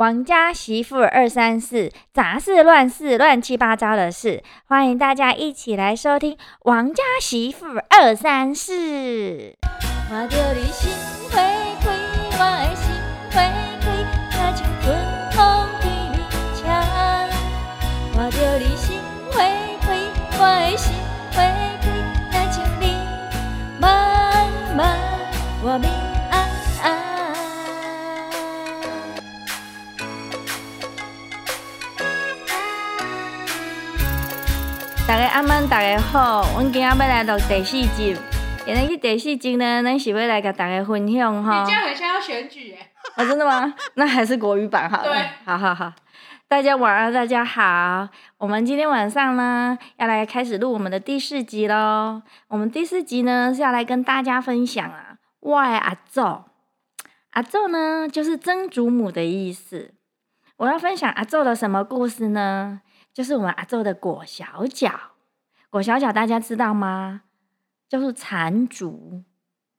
《王家媳婦二三事》，雜事亂事，亂七八糟的事，歡迎大家一起來收聽《王家媳婦二三事》三四。大家晚安，大家好，阮今仔要來到第四集，因為去第四集呢，阮是要來給大家分享哈。你這樣好像要選舉哎！啊，真的嗎？那還是國語版好了。對好好好，大家晚安，大家好，我們今天晚上呢要來開始錄我們的第四集嘍。我們第四集呢是要來跟大家分享啊，我的阿祖，阿祖呢就是曾祖母的意思。我要分享阿祖的什麼故事呢？就是我們阿祖的裹小腳。裹小腳，大家知道嗎？叫做纏足。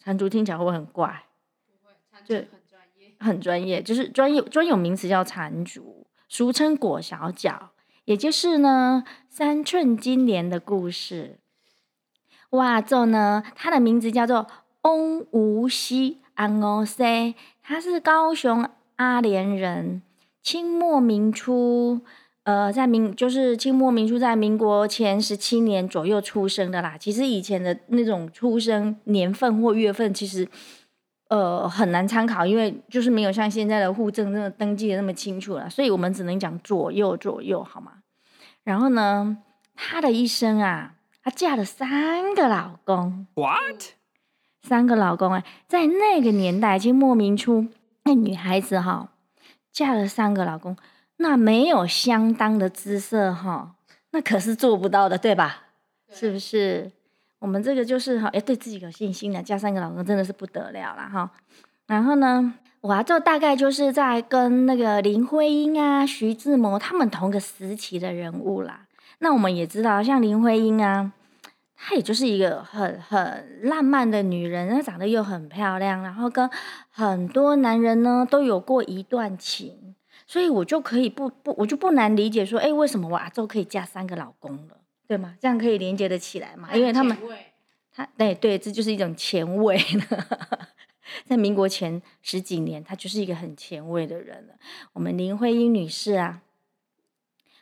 纏足聽起來會不會很怪？不會，就很專業。很專業，就是專有專有名詞叫纏足，俗稱裹小腳，也就是呢三寸金蓮的故事。哇，這呢，他的名字叫做翁無溪，Ango Si 他是高雄阿蓮人，清末民初。呃，在民就是清末民初，在民國前十七年左右出生的啦。其實以前的那種出生年份或月份，其實呃很難參考，因為就是沒有像現在的戶政那麼登記的那麼清楚了。所以我們只能講左右左右，好嗎？然後呢，她的一生啊，她嫁了三個老公。What？三個老公啊，在那個年代，清末民初，那女孩子哈，嫁了三個老公。那沒有相當的姿色哈，那可是做不到的，對吧？對是不是？我們這個就是哈，要對自己有信心的，嫁三個老公真的是不得了啦哈。然後呢，我啊，就大概就是在跟那個林徽因啊、徐志摩他們同個時期的人物啦。那我們也知道，像林徽因啊，她也就是一個很很浪漫的女人，她長得又很漂亮，然後跟很多男人呢都有過一段情。所以我就可以不不，我就不難理解說，哎，為什麼我阿祖可以嫁三個老公了，對嗎？這樣可以連接得起來嗎？因為他們，他對對，這就是一種前衛。 在民國前十幾年，他就是一個很前衛的人了。我們林徽因女士啊，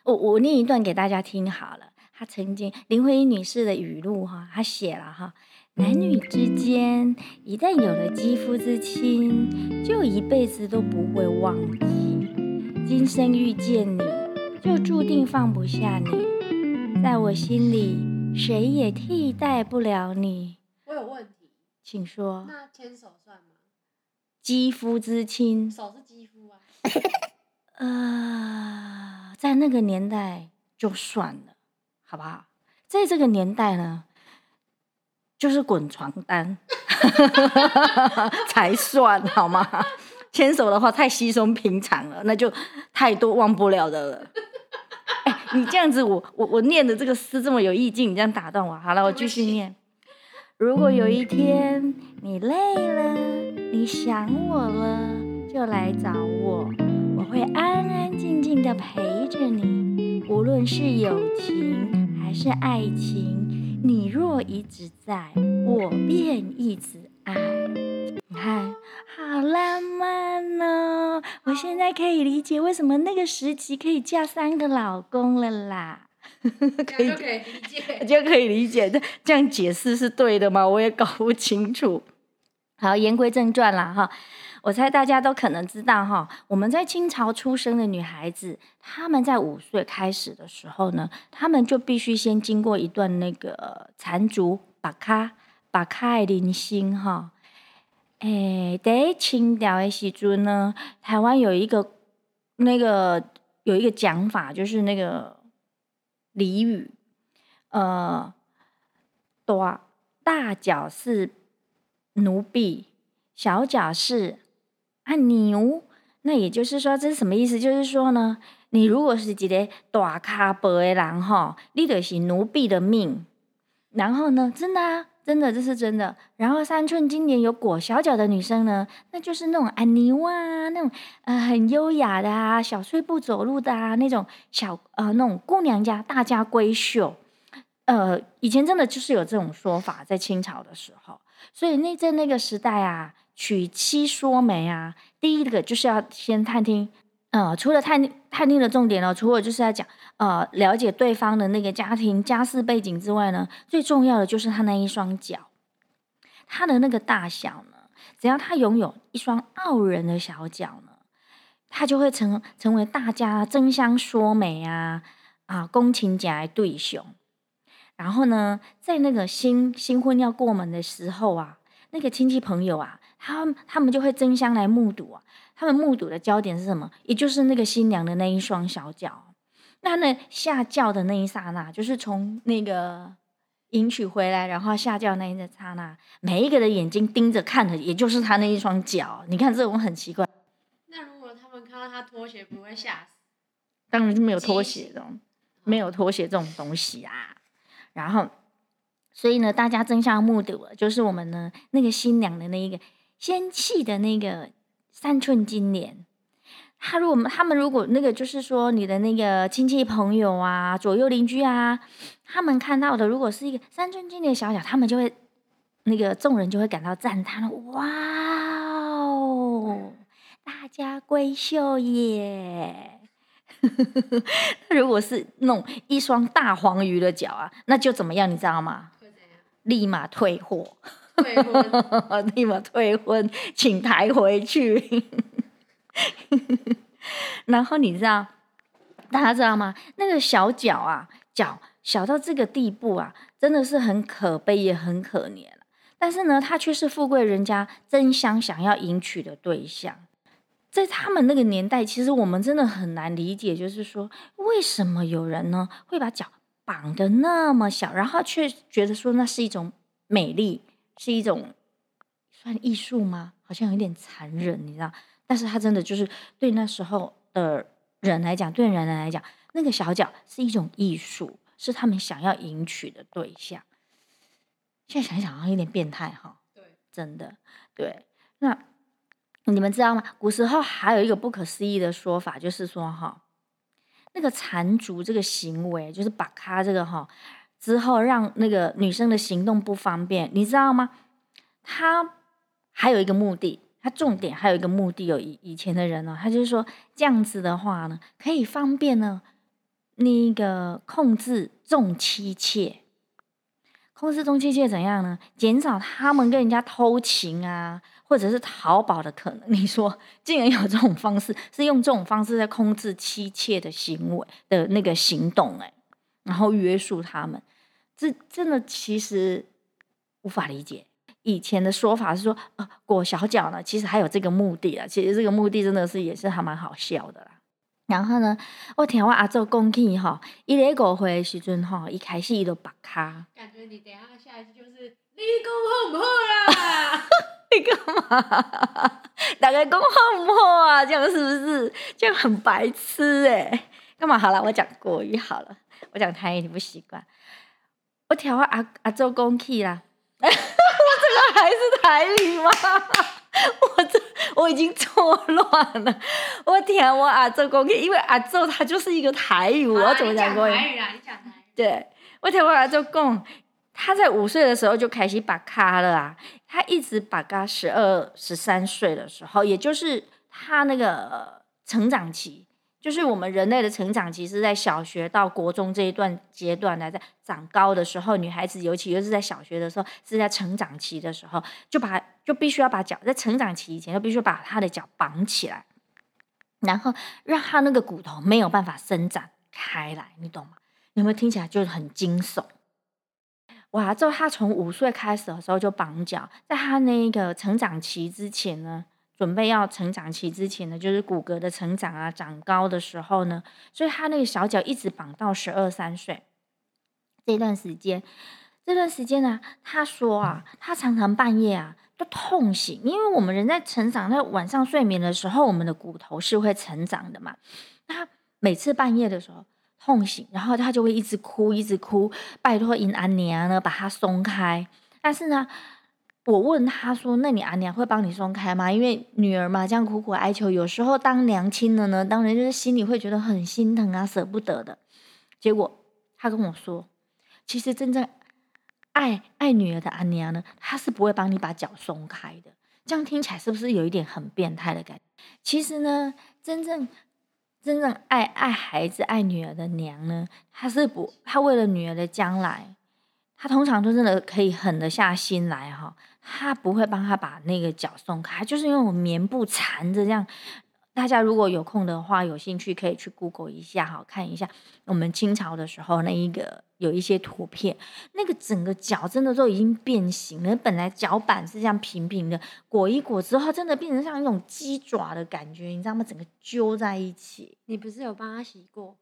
我我念一段給大家聽好了。她曾經林徽因女士的語錄哈，她寫了哈，男女之間一旦有了肌膚之親，就一輩子都不會忘。今生遇見你就注定放不下你，在我心裡誰也替代不了你。我有問題，請說。那牽手算嗎？肌膚之親。手是肌膚啊。 呃，在那個年代就算了，好不好？在這個年代呢，就是滾床單 才算好嗎？牽手的話太稀鬆平常了，那就太多忘不了的了。 欸，你這樣子我，我我我念的這個詩這麼有意境，你這樣打斷我，好了，我繼續念。 如果有一天你累了，你想我了，就來找我，我會安安靜靜的陪着你。無論是友情還是愛情，你若一直在，我便一直愛。嗨，好浪漫哦！我現在可以理解為什麼那個時期可以嫁三個老公了啦。可以， 就可以理解，可以理解，這樣解釋是對的嗎？我也搞不清楚。好，言歸正傳了哈。我猜大家都可能知道哈，我們在清朝出生的女孩子，她們在五歲開始的時候呢，她們就必須先經過一段那個纏足、把卡、把卡零星哈。誒得、欸、清朝的時候呢，台灣有一個那個有一個講法，就是那個俚語，呃，大大腳是奴婢，小腳是按、啊、牛。那也就是說，這是什麼意思？就是說呢，你如果是一個大咖婆的人吼，你就是奴婢的命。然後呢，真的、啊。真的，這是真的。然後三寸金蓮有裹小腳的女生呢，那就是那種安妮啊，那種呃，很優雅的啊，小碎步走路的啊，那種小，呃那種姑娘家大家閨秀，呃，以前真的就是有這種說法，在清朝的時候，所以那在那個時代啊，娶妻說媒啊，第一個就是要先探聽。嗯、呃，除了探探聽的重點呢、哦，除了就是在講，呃，了解對方的那個家庭家世背景之外呢，最重要的就是他那一雙腳，他的那個大小呢，只要他擁有一雙傲人的小腳呢，他就會成成為大家爭相說媒啊，啊，恭請假來對象。然後呢，在那個新新婚要過門的時候啊，那個親戚朋友啊，他他們就會爭相來目睹啊。他們目睹的焦點是什麼？也就是那個新娘的那一雙小腳，那那下轎的那一剎那，就是從那個迎娶回來，然後下轎那一剎那，每一個的眼睛盯着看的，也就是他那一雙腳。你看這種很奇怪。那如果他們看到他拖鞋，不會嚇死？當然是沒有拖鞋的實沒有拖鞋這種東西啊。然後，所以呢，大家爭相目睹了，就是我們呢那個新娘的那一個仙氣的那個。三寸金蓮，他如果他們如果那個就是說你的那個親戚朋友啊、左右鄰居啊，他們看到的如果是一個三寸金蓮小小，他們就會那個眾人就會感到讚嘆了，哇哦，大家閨秀耶！ 如果是弄一雙大黃魚的腳啊，那就怎麼樣，你知道嗎？立馬退貨。退婚，你們退婚，請抬回去。 然後你知道，大家知道嗎？那個小腳啊，腳小到這個地步啊，真的是很可悲也很可憐。但是呢，他卻是富貴人家爭相想要迎娶的對象。在他們那個年代，其實我們真的很難理解，就是說為什麼有人呢會把腳綁得那麼小，然後卻覺得說那是一種美麗。是一種算藝術嗎？好像有點殘忍，你知道？但是他真的就是對那時候的人來講，對男人來講，那個小腳是一種藝術，是他們想要迎娶的對象。現在想一想好像有點變態哈。對真的對。那你們知道嗎？古時候還有一個不可思議的說法，就是說哈，那個纏足這個行為，就是把他這個哈。之後讓那個女生的行動不方便，你知道嗎？他還有一個目的，他重點還有一個目的有、哦、以以前的人呢、哦，他就是說這樣子的話呢，可以方便呢那個控制眾妻妾。控制眾妻妾怎樣呢？減少他們跟人家偷情啊，或者是逃跑的可能。你說竟然有這種方式，是用這種方式在控制妻妾的行為的那個行動，哎。然後約束他們，這真的其實無法理解。以前的說法是說，呃，裹小腳呢，其實還有這個目的啊。其實這個目的真的是也是還蠻好笑的啦。然後呢，我聽我阿祖講起哈，伊在過火的時陣哈，一開始都白卡。感覺你等一下下一句就是你講好不好啦？ 你幹嘛？大家講好唔好啊？這樣是不是？這樣很白痴誒、欸、幹嘛？好啦，好了，我講國語好了。講台語你不習慣，我調我阿阿祖公去啦。 我這個還是台語嗎？我這我已經錯亂了。我調我阿祖公去，因為阿祖他就是一個台語，我怎麼講過？啊，你講台語啦，你講台語。對，我調我阿祖公，他在五歲的時候就開始把咖了啊，他一直把咖十二、十三歲的時候，也就是他那個成長期。就是我們人類的成長期是在小學到國中這一段階段呢，在長高的時候，女孩子尤其又是在小學的時候，是在成長期的時候，就把就必須要把腳在成長期以前，就必須把她的腳綁起來，然後讓她那個骨頭沒有辦法伸展開來，你懂嗎？你有沒有聽起來就很驚悚？哇！就她從五歲開始的時候就綁腳，在她那個成長期之前呢，準備要成長期之前呢，就是骨骼的成長啊，長高的時候呢，所以他那個小腳一直綁到十二三歲這段時間，這段時間呢，啊，他說啊，他常常半夜啊都痛醒，因為我們人在成長，那晚上睡眠的時候，我們的骨頭是會成長的嘛。那他每次半夜的時候痛醒，然後他就會一直哭，一直哭，拜託銀安娘呢，把它鬆開，但是呢。我問他說：“那你阿娘會幫你鬆開嗎？因為女兒嘛，這樣苦苦哀求，有時候當娘親的呢，當然就是心裡會覺得很心疼啊，捨不得的。結果他跟我說，其實真正愛愛女兒的阿娘呢，她是不會幫你把腳鬆開的。這樣聽起來是不是有一點很變態的感覺？其實呢，真正真正愛愛孩子、愛女兒的娘呢，她是不，她為了女兒的將來，她通常都真的可以狠得下心來哈。”他不會幫他把那個腳鬆開，就是用棉布纏着這樣。大家如果有空的話，有興趣可以去 Google 一下，好看一下我們清朝的時候那一個有一些圖片，那個整個腳真的都已經變形了。本來腳板是這樣平平的，裹一裹之後，真的變成像一種雞爪的感覺，你知道嗎？整個揪在一起。你不是有幫他洗過？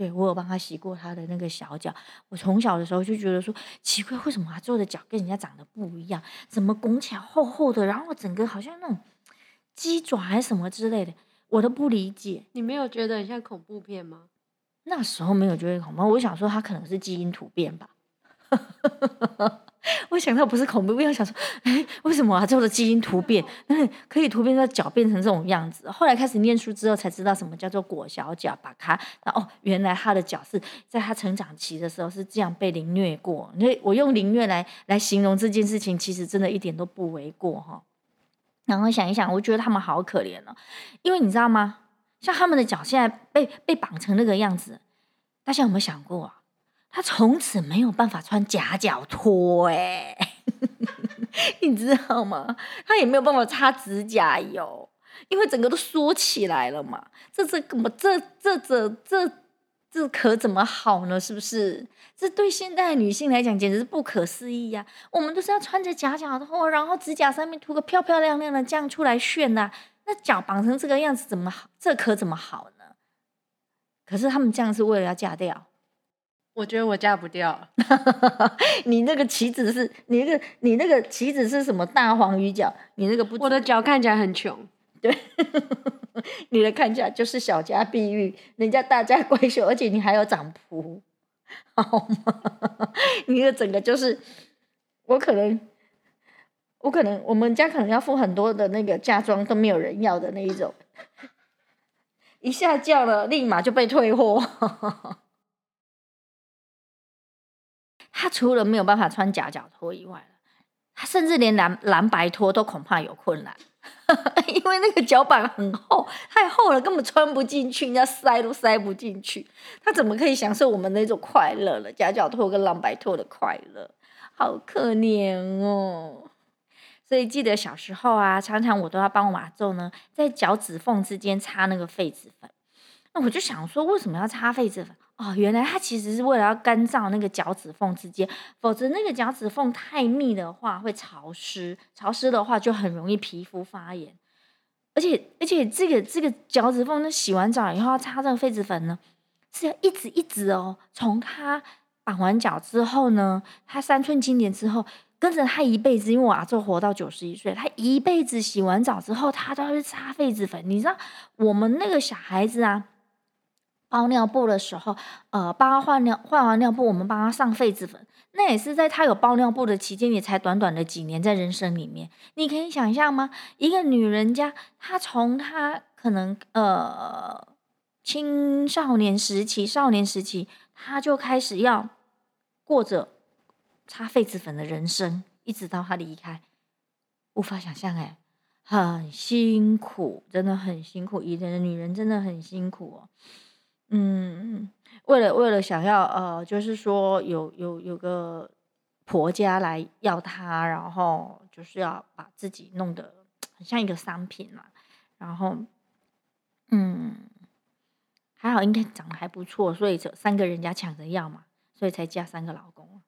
對我有幫他洗過他的那個小腳，我從小的時候就覺得說奇怪，為什麼他做的腳跟人家長得不一樣？怎麼拱起來厚厚的，然後整個好像那種雞爪還是什麼之類的，我都不理解。你沒有覺得很像恐怖片嗎？那時候沒有覺得恐怖，我想說他可能是基因突變吧。 我想到不是恐怖，不要想說，欸，為什麼啊？這的基因突變，可以突變到腳變成這種樣子。後來開始念書之後，才知道什麼叫做裹小腳，把它哦，然後原來他的腳是在他成長期的時候是這樣被凌虐過。那我用凌虐來來形容這件事情，其實真的一點都不為過哈。然後想一想，我覺得他們好可憐了，哦，因為你知道嗎？像他們的腳現在被被綁成那個樣子，大家有沒有想過，啊？他從此沒有辦法穿夾腳拖，誒，你知道嗎？他也沒有辦法擦指甲油，因為整個都縮起來了嘛。這這怎麼這這這這這可怎麼好呢？是不是？這對現代女性來講簡直是不可思議呀！我們都是要穿着夾腳拖，然後指甲上面塗個漂漂亮亮的，這樣出來炫吶。那腳綁成這個樣子怎麼好？這可怎麼好呢？可是他們這樣是為了要嫁掉。我覺得我嫁不掉， 你那個旗子是，你那個你那個旗子是什麼大黃魚腳？你那個不，我的腳看起來很窮，對， 你的看起來就是小家碧玉，人家大家閨秀，而且你還有長葡，好嗎？ 你的整個就是，我可能，我可能，我們家可能要付很多的那個嫁妝都沒有人要的那一種， 一下轎了，立馬就被退貨。 他除了沒有辦法穿夾腳拖以外，他甚至連藍藍白拖都恐怕有困難， 因為那個腳板很厚，太厚了，根本穿不進去，人家塞都塞不進去。他怎麼可以享受我們那種快樂呢？夾腳拖跟藍白拖的快樂，好可憐哦。所以記得小時候啊，常常我都要幫我媽做呢，在腳趾縫之間擦那個痱子粉。那我就想說，為什麼要擦痱子粉？哦，原來他其實是為了要乾燥那個腳趾縫之間，否則那個腳趾縫太密的話會潮濕，潮濕的話就很容易皮膚發炎。而且，而且這個這個腳趾縫，那洗完澡以後要擦這個痱子粉呢，是要一直一直哦，從他綁完腳之後呢，他三寸金蓮之後，跟着他一輩子，因為我阿祖活到九十一歲，他一輩子洗完澡之後，他都要去擦痱子粉。你知道我們那個小孩子啊。包尿布的時候，呃，幫他換尿，換完尿布，我們幫他上痱子粉。那也是在他有包尿布的期間，也才短短的幾年，在人生裡面，你可以想象嗎？一個女人家，她從她可能呃青少年時期、少年時期，她就開始要過着擦痱子粉的人生，一直到她離開，無法想象誒、欸，很辛苦，真的很辛苦，以前的女人真的很辛苦哦。嗯，為了為了想要呃，就是說有有有個婆家來要她，然後就是要把自己弄得很像一個商品嘛，然後嗯，還好應該長得還不錯，所以這三個人家搶着要嘛，所以才嫁三個老公，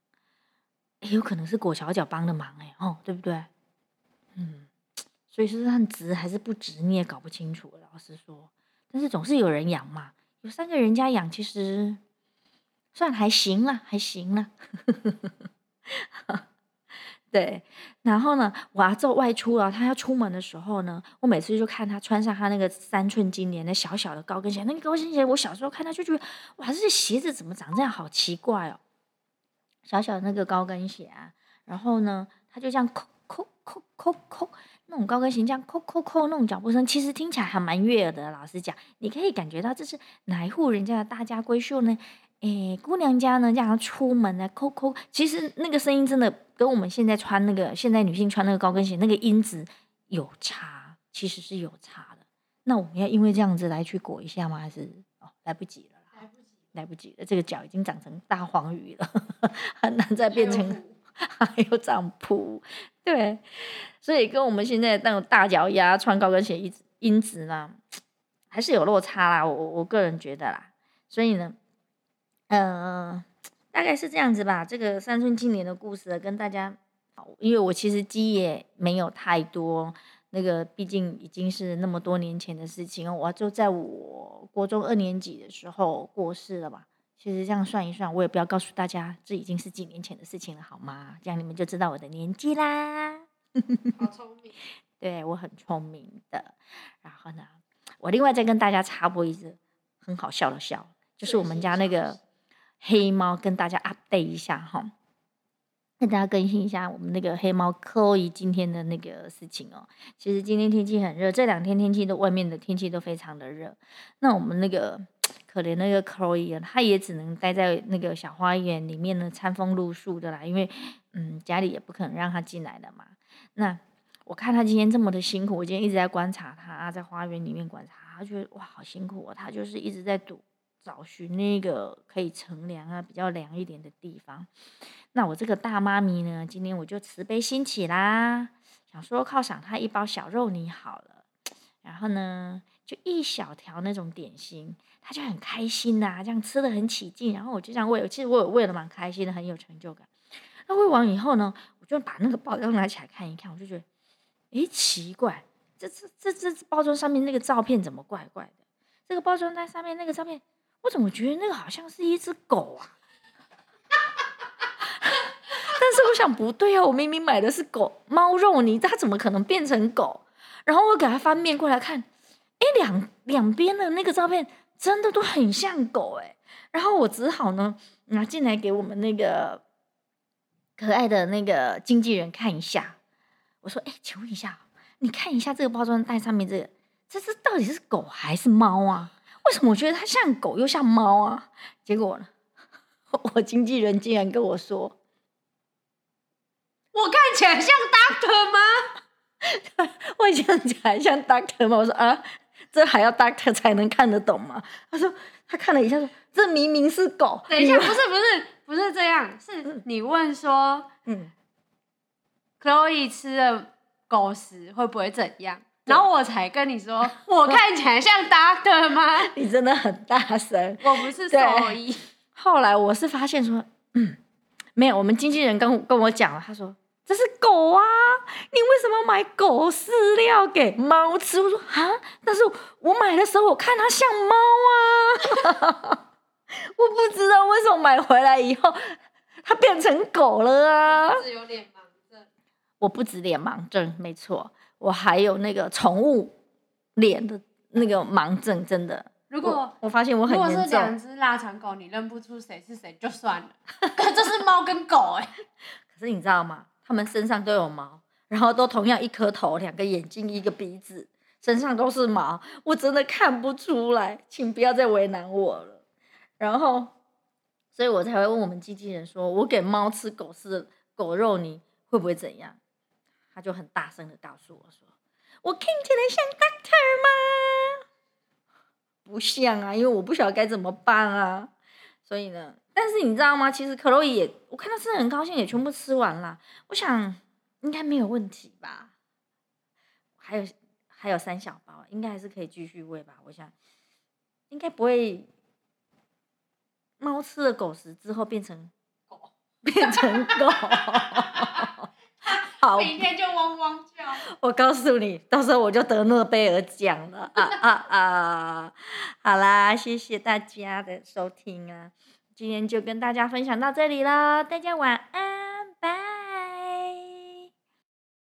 也有可能是裹小腳幫的忙誒、欸，哦，對不對？嗯，所以是算值還是不值，你也搞不清楚，老實說，但是總是有人養嘛。有三個人家養，其實算還行了，還行了。 對，然後呢，我要、啊、做外出了、啊、他要出門的時候呢，我每次就看他穿上他那個三寸金蓮的小小的高跟鞋，那個高跟鞋，我小時候看他就覺得，哇，這鞋子怎麼長這樣，好奇怪哦，小小的那個高跟鞋、啊，然後呢，他就這樣摳摳摳摳摳。那種高跟鞋這樣扣扣扣那種腳步聲，其實聽起來還蠻悅耳的。老實講，你可以感覺到這是哪一戶人家的大家閨秀呢？哎、欸，姑娘家呢，這樣出門呢，扣扣。其實那個聲音真的跟我們現在穿那個現在女性穿那個高跟鞋那個音質有差，其實是有差的。那我們要因為這樣子來去裹一下嗎？還是哦，來不及了，來不及了，不及了，這個腳已經長成大黃魚了，很難再變成，虎還有長鋪。對，所以跟我們現在那種大腳丫穿高跟鞋一直因此呢，還是有落差啦。我我個人覺得啦，所以呢，嗯、呃，大概是這樣子吧。這個三寸金蓮的故事跟大家，因為我其實記憶沒有太多，那個畢竟已經是那麼多年前的事情，我就在我國中二年級的時候過世了吧。其實這樣算一算，我也不要告訴大家，這已經是幾年前的事情了，好嗎？這樣你們就知道我的年紀啦。好聰明， 對，我很聰明的。然後呢，我另外再跟大家插播一則很好笑的笑，就是我們家那個黑貓，跟大家 update 一下哈，跟大家更新一下我們那個黑貓 Chloe 今天的那個事情哦。其實今天天氣很熱，這兩天天氣都外面的天氣都非常的熱。那我們那個。可憐那個 Chloe 啊，她也只能待在那個小花園裡面呢，餐風露宿的啦。因為，嗯，家裡也不可能讓她進來的嘛。那我看她今天這麼的辛苦，我今天一直在觀察她，啊、在花園裡面觀察她，覺得哇，好辛苦啊，哦！她就是一直在賭，找尋那個可以乘涼啊，比較涼一點的地方。那我這個大媽咪呢，今天我就慈悲心起啦，想說犒賞她一包小肉泥好了。然後呢，就一小條那種點心，他就很開心吶、啊，這樣吃得很起勁。然後我就這樣喂，其實我也喂了，蠻開心的，很有成就感。那喂完以後呢，我就把那個包裝拿起來看一看，我就覺得，哎，奇怪，這這這包裝上面那個照片怎麼怪怪的？這個包裝袋上面那個照片，我怎麼覺得那個好像是一隻狗啊？哈哈哈哈哈，但是我想不對哦、啊，我明明買的是狗貓肉泥，它怎麼可能變成狗？然後我給它翻面過來看。兩兩邊的那個照片真的都很像狗，哎、欸，然後我只好呢拿進來給我們那個可愛的那個經紀人看一下。我說：“哎、欸，請問一下，你看一下這個包裝袋上面這個，這是到底是狗還是貓啊？為什麼我覺得它像狗又像貓啊？”結果呢，我經紀人竟然跟我說：“我看起來像 Doctor 嗎？ 我想起來像 Doctor 嗎？”我說：“啊。”這還要 Doctor 才能看得懂嗎？他說他看了一下，說這明明是狗。等一下，問不是不是不是這樣，是你問說，嗯，Chloe 吃了狗食會不會怎樣？對然後我才跟你說，我看起來像 Doctor 嗎？ 你真的很大聲，我不是所以。後來我是發現說，嗯，沒有，我們經紀人跟我跟我講了，他說。這是狗啊！你為什麼買狗飼料給貓吃？我說啊，但是我買的時候我看它像貓啊，哈哈哈。我不知道為什麼買回來以後它變成狗了啊。不止有點盲症，我不止臉盲症，沒錯，我還有那個寵物臉的那個盲症，真的。如果我，我發現我很嚴重，如果是兩隻臘腸狗你認不出誰是誰就算了， 可這是貓跟狗哎、欸。 可是你知道嗎？他們身上都有毛，然後都同樣一顆頭、兩個眼睛、一個鼻子，身上都是毛，我真的看不出來，請不要再為難我了。然後，所以我才會問我們經紀人說：“我給貓吃狗食、狗肉，你會不會怎樣？”他就很大聲地告訴我說：“我看起來像 Doctor 嗎？不像啊，因為我不曉得該怎麼辦啊。”所以呢，但是你知道嗎？其實克洛伊也，我看到吃的很高興，也全部吃完啦。我想應該沒有問題吧？還有還有三小包，應該還是可以繼續餵吧？我想應該不會。貓吃了狗食之後變成狗，哦，變成狗。 每天就汪汪叫。我告訴你，到時候我就得諾貝爾獎了啊啊啊！ 好啦，謝謝大家的收聽啊，今天就跟大家分享到這裡了，大家晚安，拜拜。